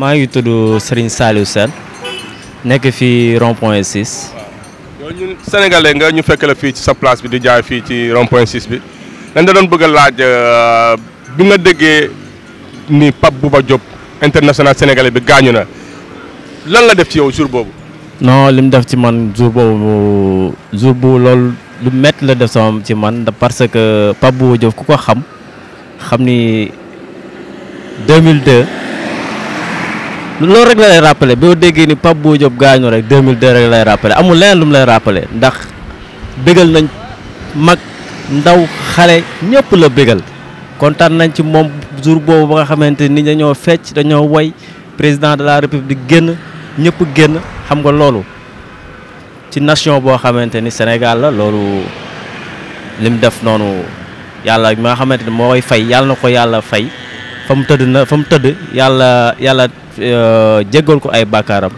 maa ngi tudd Serigne Saliou Sène nekk fii rond point 6. waaw ñun sénégalais nga ñu fekk la fii ci sa place bi di jaay fii ci rond point 6 bi dañ da doon bëgg a laaj euh, bi nga déggee ni Pape Bouba Diop international sénégalais bi gaañu na lan la def ci yow jour boobu. non li mu def ci man jour boobu jour bu loolu lu métti la def sama ci man parce que pap Bouba Diop ku ko xam xam ni loolu rek la lay rappelé boo déggee ni Pape Bou Diop gaañu rek 2002 rek lay rappelé amul leneen lu mu lay rappelé ndax bégal nañ mag ndaw xale ñëpp la bégal kontaan nañ ci moom jour boobu ba nga xamante ni dañoo fecc dañoo woy président de la république génn ñëpp génn xam nga loolu ci nation boo xamante ni Sénégal la loolu lim def noonu yàlla mi nga xamante ni mooy koy fay yàlla na ko yàlla fay fa mu tëdd fa mu tëdd yàlla yàlla. Euh, jéggal ko ay bàkkaaram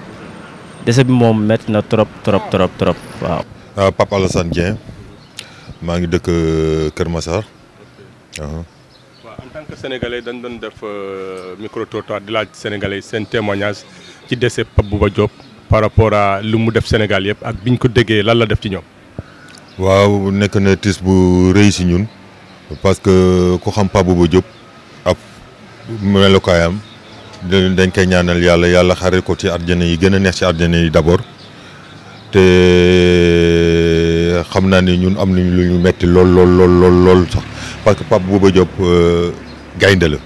dese bi moom métti na trop trop trop trop waaw. Ah, Pape Alassane Dieng maa ngi dëkk euh, Kër Massar. Ah. waaw en tant dañ doon def euh, micro trottoir di laaj sénégalais seen témoignage ci décès Pape Bouba Diop par rapport à lu mu def Sénégal yëpp ak biñ ko déggee lan la def ci ñoom. waaw nekk na tiis bu rëy si ñun parce que ku xam Pape Bouba Diop ab melokaayam. dañ koy ñaanal yàlla yàlla xare ko ci àjjana yi gën a neex ci àjjana yi d'abord te xam naa ni ñun am nañ lu ñu metti lool lool lool lool sax parce que Pape Bouba Diop euh, gaynde la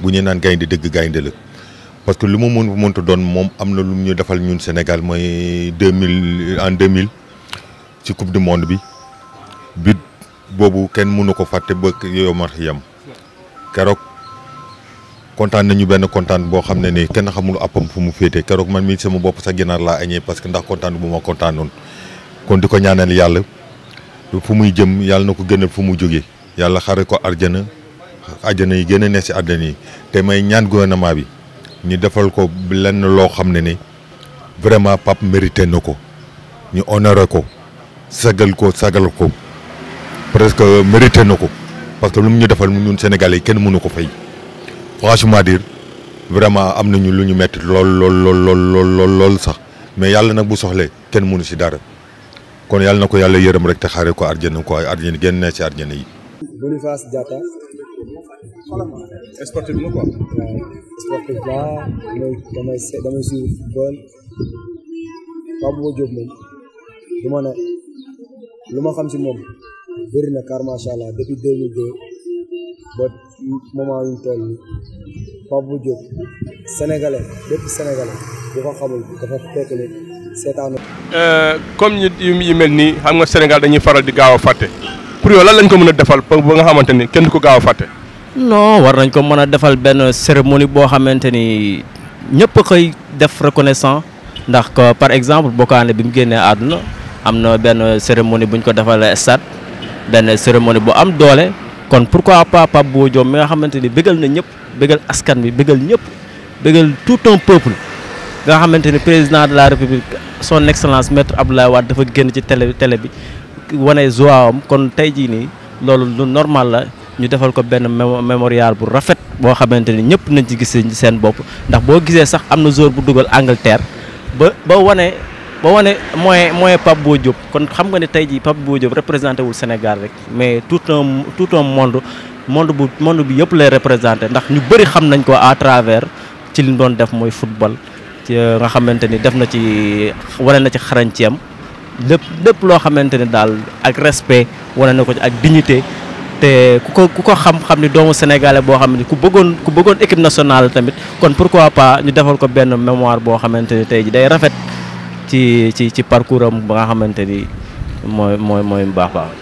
bu ñu naan gaynde dëgg gaynde la parce que lu mu mën mënta doon moom am na lu ñu defal ñun Sénégal mooy deux mille en deux mille ci coupe du monde bi but boobu kenn mënu ko fàtte ba yow ma yem keroog. kontaan nañu benn kontaan boo xam ne ni kenn xamul àppam fu mu féete keroog man mii sama bopp sax ginaar laa añee parce que ndax kontaan bu ma kontaanoon kon di ko ñaanal yàlla fu muy jëm yàlla na ko gënal fu mu jógee yàlla xare ko arjana àjjana yi gën a nekk si àddina yi te may ñaan gouvernement bi ñu defal ko lenn loo xam ne ni vraiment Pape mérité na ko ñu honoré ko sagal ko sagal ko presque mérité na ko parce que lu mu ñu defal ñun Sénégalais yi kenn mënu ko fay. franchement dire vraiment am nañu lu ñu metti lool lool lool lool sax mais yàlla nag bu soxlee kenn mënu si dara kon yàlla na ko yàlla yërëm rek te xaare ko arjana ko ay arjana génn na ci arjana yi. Boniface Diatta. sportif la quoi. sportif la damay moom du ma ne lu si moom bëri Pape Bou Diop sénégalais bépp sénégalais bu ko xamul dafa fekk seetaanu. Euh, comme ñi mel nii xam nga Sénégal dañuy faral di gaaw a fàtte pour yow lan lañ ko mën a defal ba nga xamante ni kenn ko gaaw a non war nañ ko mën a defal benn cérémonie boo xamante ni ñëpp koy def reconnaissant ndax par exemple Bokaane bi mu génnee àdduna am na benn cérémonie bu ñu ko defalee stade benn cérémonie bu am doole kon pourquoi pas Pape Bou Diop mi nga xamante ni na ñëpp. bégal askan bi bëggal ñëpp bégal tout un peuple nga xamante ni président de la république son excellence maître Abdoulaye Wade dafa génn ci télé télé bi wane joaam kon tey jii nii loolu lu normal la ñu defal ko benn mémorial bu rafet boo xamante ni ñëpp nañ ci gis seen bopp ndax boo gisee sax am na jour bu dugal Angleterre ba ba wane ba wane mooy mooy Pape boo Diop kon xam nga ne tey jii Pape Bou Diop représenté wul Sénégal rek mais tout un tout un monde monde bu monde bu yëpp lay représenté ndax ñu bëri xam nañ ko à travers ci li doon def mooy football ci euh, nga xamante ni def na ci wane na ci xarañ xarañceem lépp lépp loo xamante ni daal ak respect wane na ko ci ak dignité te ku ko ku ko xam-xam ni doomu sénégalais boo xam ne ku bëggoon ku bëggoon équipe nationale tamit kon pourquoi pas ñu defal ko benn mémoire boo xamante ni tey ji day rafet ci ci ci parcours am ba nga xamante ni mooy mooy mooy mbaax baax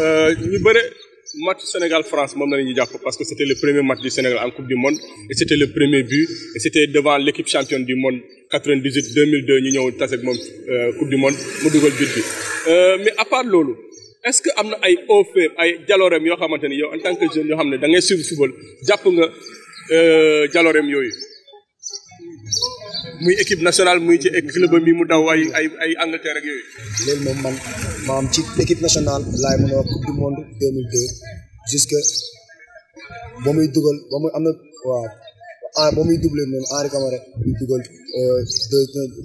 euh, ñu match Sénégal-France moom la ñuy jàpp parce que c'était le premier match du Sénégal en Coupe du Monde et c'était le premier but et c'était devant l'équipe championne du monde 98 2002 ñu ñëw tase ak moom euh, Coupe du Monde mu dugal but bi euh, mais à part loolu est-ce que am na ay hauts faits ay jaloorem yoo xamante ni yow en tant que jeune yoo xam ne da ngay suivre football jàpp nga euh, jaloorem yooyu. muy équipe nationale muy ci club bi mu daw ay ay ay Angleterre ak yooyu. loolu moom man maam ci équipe nationale laay mën a coupe du monde jusque ba muy dugal ba muy am na waaw ah, ba muy doublé noonu Henri Camara muy dugal euh, deux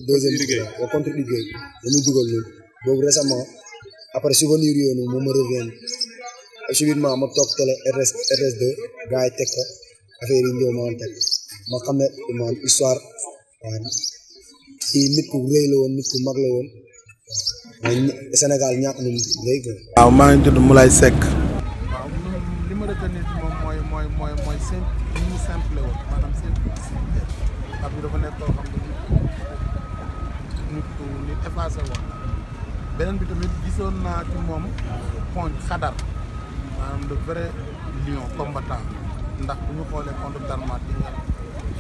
deuxième. waaw contre Uruguay ba muy dugal loolu boobu récemment après souvenir yooyu noonu moom ma revient subitement ma toog télé RS RS2 gars teg ko affaire yi ñëw ma xam ne man histoire. waaye nag kii nit ku rëy la woon nit ku mag la woon waaye ñàkk nit ku rëy waaw maa ngi tudd Moulay Seck. waaw li ma retenir ci moom mooy simple ni mu simple simple simple beneen bi tamit gisoon naa ci moom poñ xadar lion combattant ndax bu ñu xoolee contre Darma di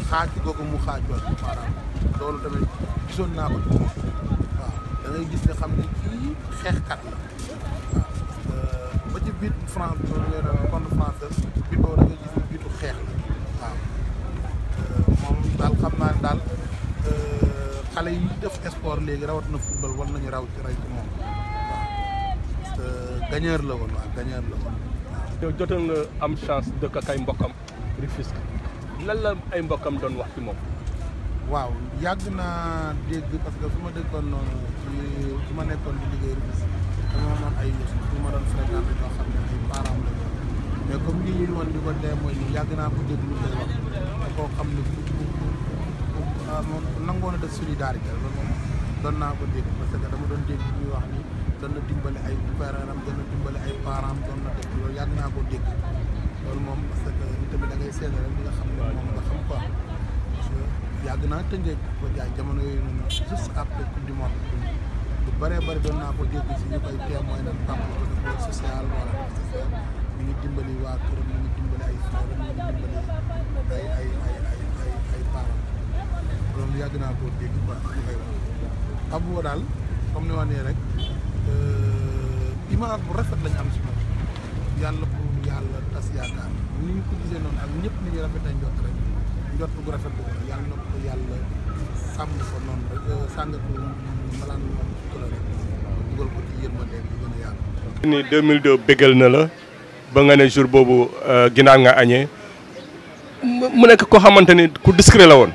xaaj googu mu xaajoon maanaam loolu tamit gisoon naa ko waaw da gis ne xam ne kii xeexkat la waaw ba ci biit France bi moom lay doon xeex la waaw euh, moom daal xam naa ne daal euh, xale yi def sport léegi rawatina football war nañu raw ci ray ci moom waaw gagneur la woon waaw gagneur la woon. yow nga am chance dëkk ak ay mbokkam Rufisque. lan la ay mbokkam doon wax ci moom. waaw yàgg naa dégg parce que su ma déggoon noonu ci su ma nekkoon di liggéey Rufisque dama amoon ay ma doon fréquenté ñoo xam ne ay parents la mais yàgg naa ko dégg ñu wax da xam ne ku ku ah, nangoon a def solidarité doon naa ko dégg parce que dama doon dégg ñuy wax ni doon na dimbali ay parents am doon na dimbali ay parents am doon na def loolu yàgg naa ko dégg. loolu moom parce que ñu tamit da ngay seede rek xam ne moom nga xam ko yàgg naa tëngeej ko jaay jamono yooyu noonu juste après coupe doon naa ko dégg si ñu koy témoin social wala ñu dimbali waa këram ñu dimbali ay soxla ñu dimbali ay ay yàgg naa ko dégg quoi ñu daal comme ni ma nee rek euh, image bu rafet lañ am si ko ni ñu rafet boobu yàlla na ko yàlla euh, na la ba nga ne jour boobu euh, ginnaaw nga añee mu nekk koo xamante ni ku discret la woon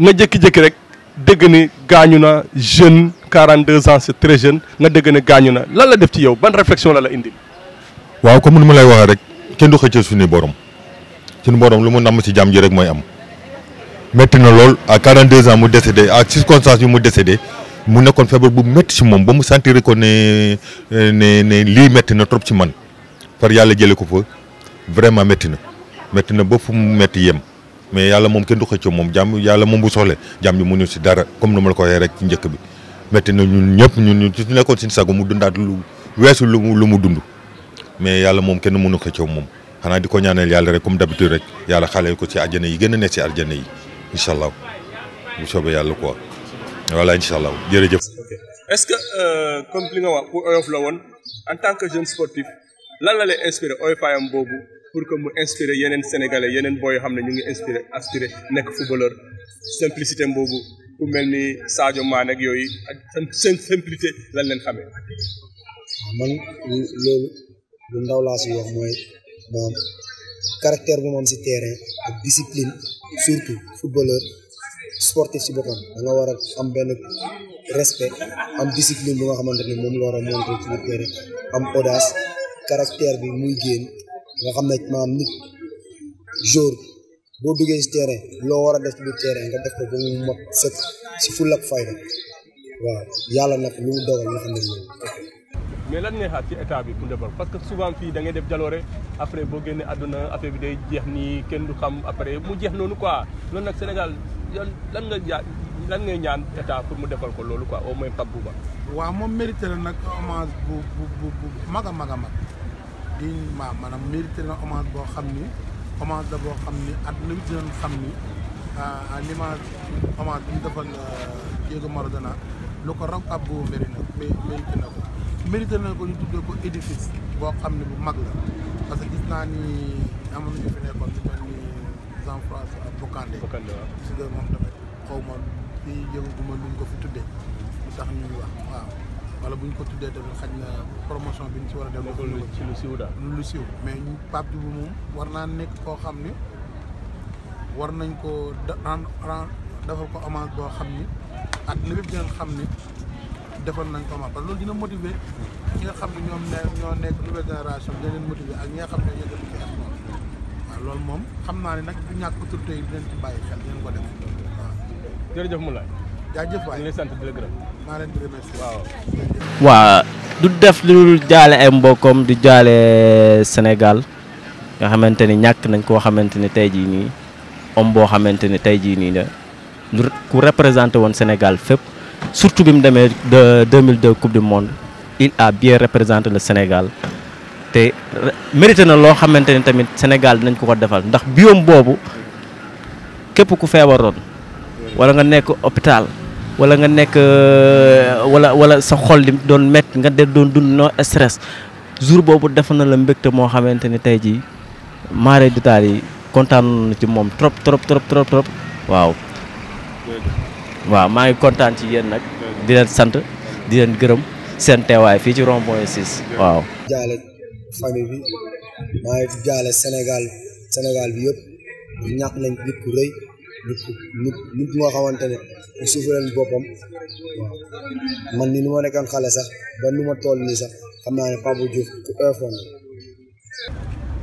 nga jëkki jékki rek dégg ni gaañu na jeune 42 ans c'est très jeune nga dégg ni gaañu na lan la def ci yow ban réflexion la la indi. waaw comme ni ma lay waxee rek. kenn du xëccee suñu borom suñu borom lu mu namm ci jàmm ji rek mooy am metti na lool à 42 ans mu décédé ak circonstances yu mu décédé mu nekkoon feebar bu metti si moom ba mu sentir ko ne ne lii métti na trop ci man par yàlla jëlee ko fa vraiment métti na métti na ba fu mu métti yem mais yàlla moom kenn du xëccoo moom jàmm yàlla moom bu soxle jàmm ji mënuñu ci dara comme nu ma la ko rek njëkk bi métti na ñëpp ñun ñu nekkoon suñu sago mu dundaat lu weesu lu mu lu mu dund. mais yàlla moom kenn mënu ko ci moom xanaa di ko ñaanal yàlla rek comme d'habitude rek yàlla xale ko ci àjjana yi gën a nekk ci àjjana yi incha allah bu soobee yàlla quoi voilà incha allah jërëjëf. est-ce que euh, comme li nga wax pour oyof la woon en tant que jeune sportif lan la lay inspiré oyofaayam boobu pour que mu inspiré yeneen sénégale yeneen booy yoo xam ne ñu ngi inspiré aspiré nekk footballeur simplicité boobu ku mel ni Sadio Mané yooyu ak seen simplicité lan leen xamee. lu ndaw laa si wax mooy moom caractère bu moom si terrain ak discipline surtout footballeur sportif si boppam da war a am benn respect am discipline bu nga xamante ne moom la war a am audace caractère bi muy génn nga xam ne maam nit jour boo duggee si terrain loo war a def ci biir terrain nga def ko ba mu mot sëkk si fulla ak fayda waaw yàlla nag lu dogal nga xam ne moom mais lan ngay xaar ci état bi mu defal parce que souvent fii da ngay def jaloore après boo génnee àdduna affaire bi day jeex nii kenn du xam après mu jeex noonu quoi loolu nag Sénégal lan nga ja lan ngay ñaan état pour mu defal ko loolu quoi au moins Pape Bouba. waaw moom mérité na nag hommage bu bu bu mag a mag a mag di ma maanaam mérité na hommage boo xam ni hommage la boo xam ni àdduna bi dinañ xam ni ah, li ma hommage bi ñu defal euh, Diego Maradona lu ko raw ab bu mérité mérité na ko ñu tuddee ko édifice boo xam ne bu mag la parce que gis naa ni amoon nañu fi nekkoon ñu mel ni Jean-François Bocandé si de moom tamit ko fi tuddee lu tax ñuy wax waaw wala buñ ko tuddee tamit xaj na promotion bi ñu ci war a def ci lu siw lu siw mais ñu Pape Diouf moom war naa nekk koo xam ne war nañ ko defal ko hommage boo xam ni ak na bépp xam ni defal nañ ko ma parce que loolu def ci sport loolu moom xam naa ne nag du ñàkk autorité yi dinañ du def lu jaale ay mbokkoom di jaale Sénégal nga xamante ni ñàkk nañ koo xamante ni tey jii nii om boo xamante ni tey jii nii la lu ku représenté woon Sénégal fépp. surtout bi mu demee de 2002 coupe du monde il a bien représenté le Sénégal te mérité na loo xamante ni tamit Sénégal nañ ko ko defal ndax biom boobu képp ku feebaroon wala nga nekk hôpital wala nga nekk euh, wala wala sa xool di doon métti nga de doon dund no stress jour boobu def na la mbégte moo xamante ni tey jii maare taal yi kontaan na ci moom trop trop trop trop trop waaw waaw maa ngi kontaan ci yéen nag di sant di leen gërëm seen teewaay fii ci rond point 6 waaw. jaale famille bi maa ngi jaale Sénégal Sénégal bi yëpp ñàkk nañ nit ku rëy ne ku suufeel boppam waaw man nu ma nekkoon xale sax ba ma toll nii sax xam naa ne Pape Diouf ku ëppoon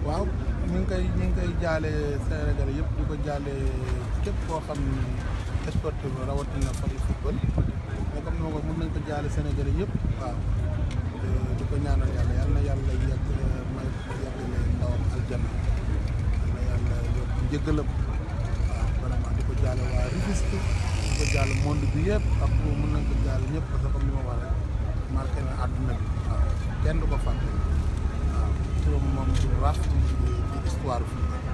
waaw ñu ngi koy jaale Sénégal yëpp di ko jaale képp xam sportif rawatina fari football mais comme noo ko mën nañ ko jaale Sénégalais yëpp waaw di ko ñaanal yàlla yal na yàlla yàgg may yàggale ndawam aljanna yal na yàlla yokk njëggalam waaw vraiment di ko jaale waa Rufisque di ko jaale monde bi yëpp ak mën nañ ko jaale ñëpp parce que comme ni ma wax rek marqué na àdduna bi waaw kenn du ko fàtte waaw turam moom du raaf ci ci histoire bi